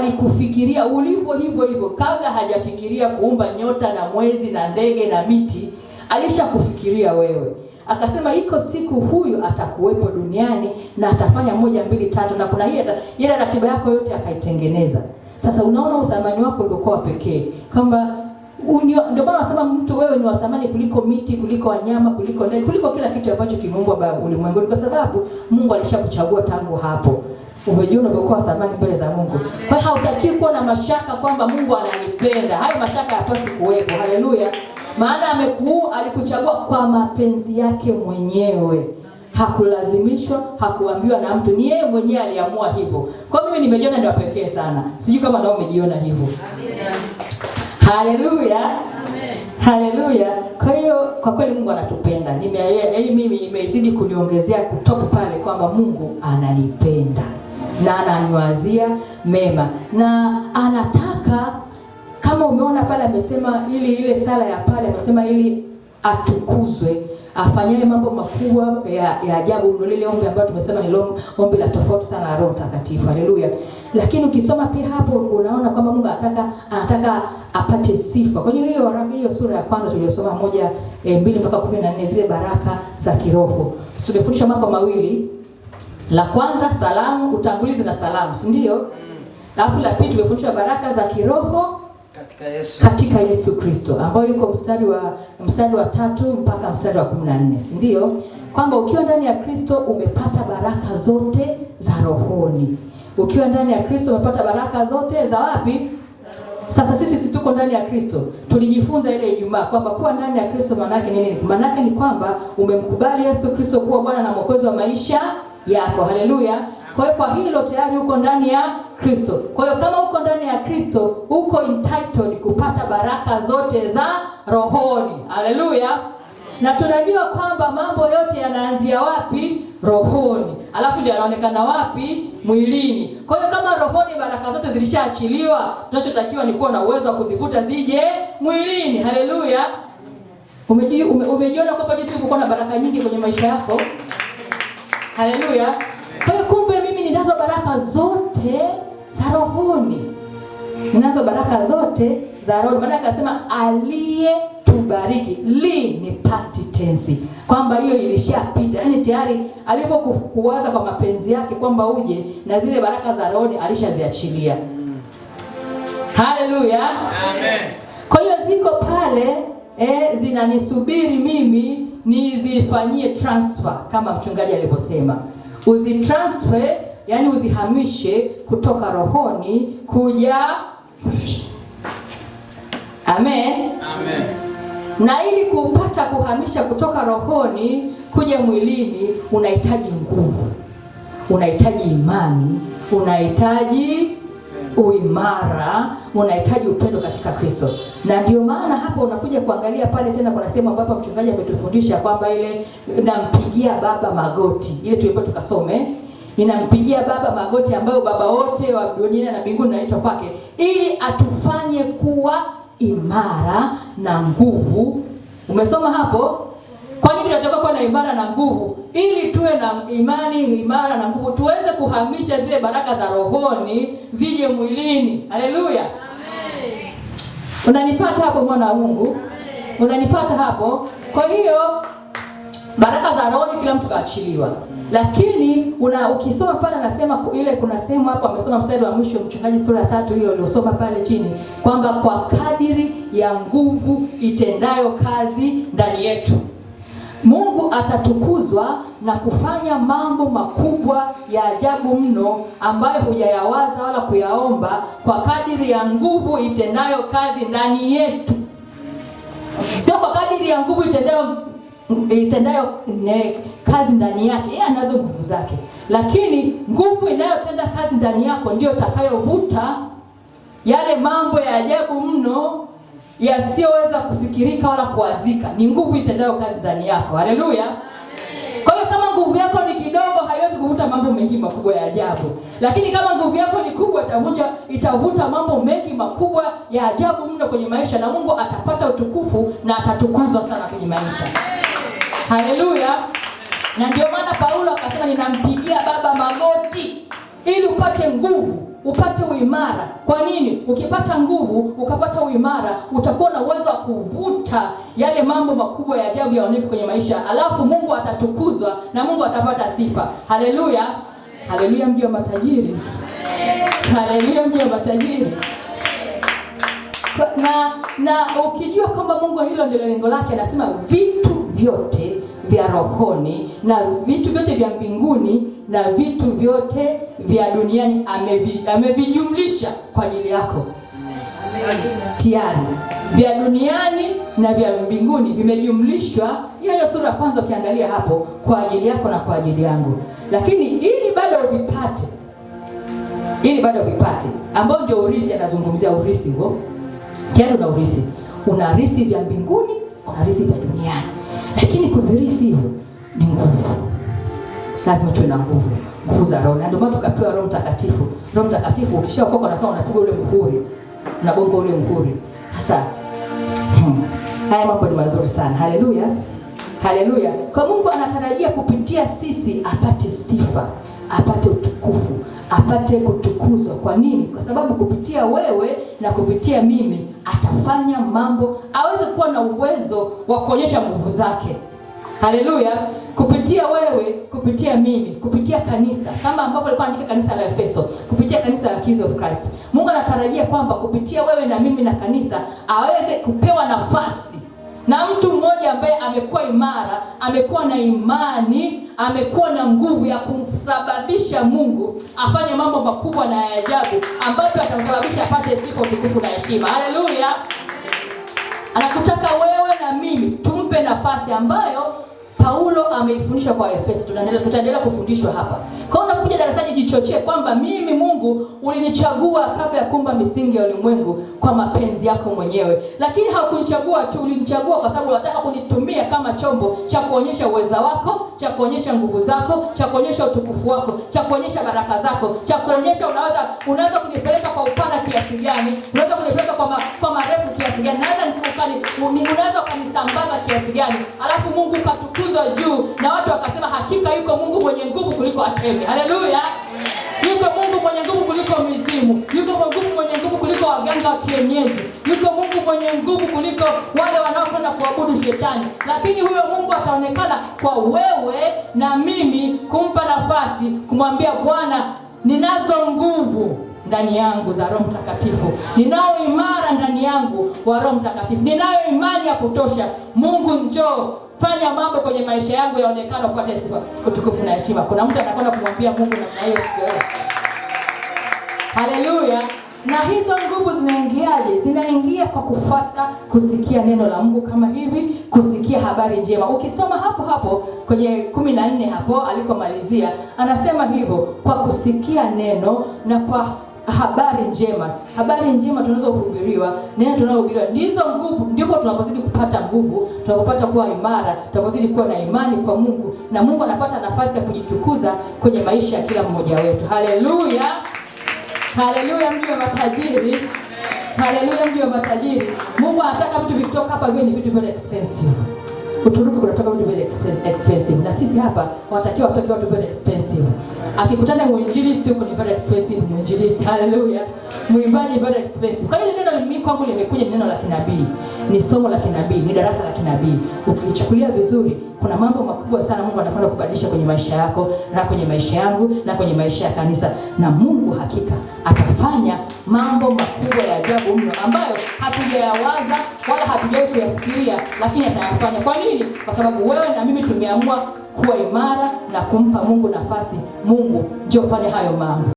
alikufikiria ulivyo hivyo hivyo, kabla hajafikiria kuumba nyota na mwezi na ndege na miti, alishakufikiria wewe. Akasema iko siku huyu atakuwepo duniani na atafanya moja mbili tatu, na kuna hii ile ratiba yako yote akaitengeneza. Sasa unaona uthamani wako ulivyokuwa pekee, kwamba ndio maana nasema mtu wewe ni wa thamani kuliko miti, kuliko wanyama, kuliko ndege, kuliko kila kitu ambacho kimeumbwa ulimwenguni, kwa sababu Mungu alishakuchagua tangu hapo umejua unavyokuwa thamani mbele za Mungu. Kwa hiyo hautakiwi kuwa na mashaka kwamba Mungu ananipenda. Hayo mashaka hayapaswi kuwepo. Haleluya! Maana ameku alikuchagua kwa mapenzi yake mwenyewe, hakulazimishwa, hakuambiwa na mtu, ni yeye mwenyewe aliamua hivyo. Kwa mimi nimejiona ndio pekee sana, sijui kama nao umejiona hivyo. Haleluya! Haleluya! Kwa hiyo kwa kweli Mungu anatupenda. Nime yaani mimi imezidi kuniongezea kutoka pale kwamba Mungu ananipenda na ananiwazia mema na anataka kama umeona pale amesema ili ile sala ya pale amesema ili atukuzwe afanyaye mambo makubwa ya, ya ajabu ndio lile ombi ambalo tumesema ni ombi la tofauti sana la Roho Mtakatifu. Haleluya! Lakini ukisoma pia hapo unaona kwamba Mungu anataka anataka apate sifa. Kwa hiyo hiyo hiyo sura ya kwanza tuliyosoma moja e, mbili mpaka 14 zile baraka za kiroho, tumefundishwa mambo mawili la kwanza salamu, utangulizi na salamu, si ndio? Mm. Alafu mm. la pili tumefundishwa baraka za kiroho katika Yesu, katika Yesu Kristo ambayo yuko mstari wa mstari wa tatu mpaka mstari wa 14, si ndio? Kwamba ukiwa ndani ya Kristo umepata baraka zote za rohoni. Ukiwa ndani ya Kristo umepata baraka zote za wapi? Sasa sisi si tuko ndani ya Kristo. Tulijifunza ile Ijumaa kwamba kuwa ndani ya Kristo maana yake nini? Maana yake ni kwamba umemkubali Yesu Kristo kuwa Bwana na Mwokozi wa maisha yako. Haleluya! Kwa hiyo kwa hilo tayari uko ndani ya Kristo. Kwa hiyo kama uko ndani ya Kristo, uko entitled kupata baraka zote za rohoni. Haleluya! na tunajua kwamba mambo yote yanaanzia wapi? Rohoni, alafu ndio yanaonekana wapi? Mwilini. Kwa hiyo kama rohoni baraka zote zilishaachiliwa, tunachotakiwa ni kuwa na uwezo wa kuzivuta zije mwilini. Haleluya! Umejiona kwamba jinsi ulivyokuwa na baraka nyingi kwenye maisha yako. Haleluya! Kwa hiyo kumbe mimi ninazo baraka zote za rohoni, ninazo baraka zote za rohoni, maana akasema aliye tubariki li ni past tense, kwamba hiyo ilishapita, yaani tayari alivyokuwaza kwa mapenzi yake kwamba uje na zile baraka za rohoni alishaziachilia. Haleluya, amen. Kwa hiyo ziko pale eh, zinanisubiri mimi nizifanyie transfer kama mchungaji alivyosema, uzitransfer, yani uzihamishe kutoka rohoni kuja Amen. Amen. Na ili kupata kuhamisha kutoka rohoni kuja mwilini unahitaji nguvu, unahitaji imani, unahitaji uimara, unahitaji upendo katika Kristo. Na ndio maana hapo unakuja kuangalia pale tena, kuna sehemu ambapo mchungaji ametufundisha kwamba ile nampigia Baba magoti ile tuipo tukasome inampigia Baba magoti ambayo Baba wote wa dunia na mbinguni naitwa kwake, ili atufanye kuwa imara na nguvu. Umesoma hapo? Kwa nini tunatakiwa kuwa na imara na nguvu? ili tuwe na imani imara na nguvu, tuweze kuhamisha zile baraka za rohoni zije mwilini. Haleluya, amen. Unanipata hapo mwana wa Mungu? Unanipata hapo? Kwa hiyo baraka za rohoni kila mtu kaachiliwa, lakini una ukisoma pale anasema ile kuna sehemu hapo amesoma mstari wa mwisho mchungaji, sura tatu ile uliosoma pale chini kwamba kwa kadiri ya nguvu itendayo kazi ndani yetu Mungu atatukuzwa na kufanya mambo makubwa ya ajabu mno ambayo hujayawaza wala kuyaomba kwa kadiri ya nguvu itendayo kazi ndani yetu. Sio kwa kadiri ya nguvu itendayo itendayo kazi ndani yake. Yeye anazo nguvu zake, lakini nguvu inayotenda kazi ndani yako ndiyo itakayovuta yale mambo ya ajabu mno yasiyoweza kufikirika wala kuwazika, ni nguvu itendayo kazi ndani yako. Haleluya! Kwa hiyo kama nguvu yako ni kidogo, haiwezi kuvuta mambo mengi makubwa ya ajabu, lakini kama nguvu yako ni kubwa, itavuta itavuta mambo mengi makubwa ya ajabu mno kwenye maisha, na Mungu atapata utukufu na atatukuzwa sana kwenye maisha. Haleluya! Na ndio maana Paulo akasema, ninampigia Baba magoti ili upate nguvu upate uimara. Kwa nini? Ukipata nguvu ukapata uimara, utakuwa na uwezo wa kuvuta yale mambo makubwa ya ajabu yaoneke kwenye maisha, alafu Mungu atatukuzwa na Mungu atapata sifa. Haleluya, haleluya, mji wa matajiri, haleluya, mji wa matajiri na, na ukijua kwamba Mungu hilo ndilo lengo lake, anasema vitu vyote vya rohoni na vitu vyote vya mbinguni na vitu vyote vya duniani amevijumlisha amevi kwa ajili yako tiari vya duniani na vya mbinguni vimejumlishwa. Hiyo hiyo sura ya kwanza, ukiangalia hapo, kwa ajili yako na kwa ajili yangu. Lakini ili bado uvipate, ili bado uvipate, ambao ndio urithi, anazungumzia urithi huo. Tayari una urithi, una urithi vya mbinguni, una urithi vya duniani lakini kuhubiri sivyo, ni nguvu. Lazima tuwe na nguvu, nguvu za Roho. Na ndio maana tukapewa Roho Mtakatifu. Roho Mtakatifu ukishaokoka, unasema unapiga ule mhuri, unagonga ule mhuri. Sasa hmm. haya mambo ni mazuri sana. Haleluya, haleluya! Kwa Mungu anatarajia kupitia sisi apate sifa, apate utukufu apate kutukuzwa. Kwa nini? Kwa sababu kupitia wewe na kupitia mimi atafanya mambo, aweze kuwa na uwezo wa kuonyesha nguvu zake. Haleluya! kupitia wewe, kupitia mimi, kupitia kanisa, kama ambavyo alikuwa anaandika kanisa la Efeso, kupitia kanisa la Kids of Christ, Mungu anatarajia kwamba kupitia wewe na mimi na kanisa aweze kupewa nafasi na mtu mmoja ambaye amekuwa imara, amekuwa na imani, amekuwa na nguvu ya kumsababisha Mungu afanye mambo makubwa na ya ajabu, ambapo atamsababisha apate sifa, utukufu na heshima. Haleluya! Anakutaka wewe na mimi tumpe nafasi ambayo Paulo ameifundisha kwa Efeso, tunaendelea tutaendelea kufundishwa hapa. Kwa hiyo unakuja darasani jichochee kwamba mimi Mungu ulinichagua kabla ya kumba misingi ya ulimwengu kwa mapenzi yako mwenyewe. Lakini haukunichagua tu, ulinichagua kwa sababu unataka kunitumia kama chombo cha kuonyesha uweza wako, cha kuonyesha nguvu zako, cha kuonyesha utukufu wako, cha kuonyesha baraka zako, cha kuonyesha unaweza unaweza kunipeleka kwa upana kiasi gani, unaweza kunipeleka kwa, ma, kwa marefu kiasi gani, unaweza ukanisambaza kiasi gani, alafu Mungu katukuza zilizo juu, na watu wakasema hakika yuko Mungu mwenye nguvu kuliko Atemi. Haleluya! Yuko Mungu mwenye nguvu kuliko mizimu, yuko Mungu mwenye nguvu kuliko waganga wa kienyeji, yuko Mungu mwenye nguvu kuliko wale wanaokwenda kuabudu shetani. Lakini huyo Mungu ataonekana kwa wewe na mimi, kumpa nafasi, kumwambia Bwana, ninazo nguvu ndani yangu za Roho Mtakatifu, ninao imara ndani yangu wa Roho Mtakatifu, ninayo imani ya kutosha. Mungu njoo fanya mambo kwenye maisha yangu yaonekane kupata sifa, utukufu na heshima. Kuna mtu anakwenda kumwambia Mungu namna hiyo siku hiyo. Haleluya! Na hizo nguvu zinaingiaje? Zinaingia kwa kufuata, kusikia neno la Mungu kama hivi, kusikia habari njema. Ukisoma hapo hapo kwenye kumi na nne hapo alikomalizia, anasema hivyo kwa kusikia neno na kwa habari njema. Habari njema tunaweza kuhubiriwa, neno tunalohubiriwa ndizo nguvu, ndipo tunapozidi kupata nguvu, tunapopata kuwa imara, tunapozidi kuwa na imani kwa Mungu, na Mungu anapata nafasi ya kujitukuza kwenye maisha ya kila mmoja wetu. Haleluya, haleluya, mji wa matajiri. Haleluya, mji wa matajiri. Mungu anataka vitu vikitoka hapa viwe ni vitu vya expensive Uturuki kunatoka vitu vile expensive, na sisi hapa wanatakiwa watoke watu vile expensive. Akikutana mwinjilisti huko ni vile expensive, mwinjilisti haleluya, mwimbaji vile expensive. Kwa hiyo neno mimi kwangu limekuja neno la kinabii, ni somo la kinabii, ni darasa la kinabii. Ukilichukulia vizuri, kuna mambo makubwa sana Mungu anakwenda kubadilisha kwenye maisha yako na kwenye maisha yangu na kwenye maisha ya kanisa, na Mungu hakika atafanya mambo makubwa ya ajabu mno ambayo hatujayawaza wala hatujawahi kuyafikiria, lakini atayafanya. Kwa nini? nini? Kwa sababu wewe na mimi tumeamua kuwa imara na kumpa Mungu nafasi. Mungu, njoo fanya hayo mambo.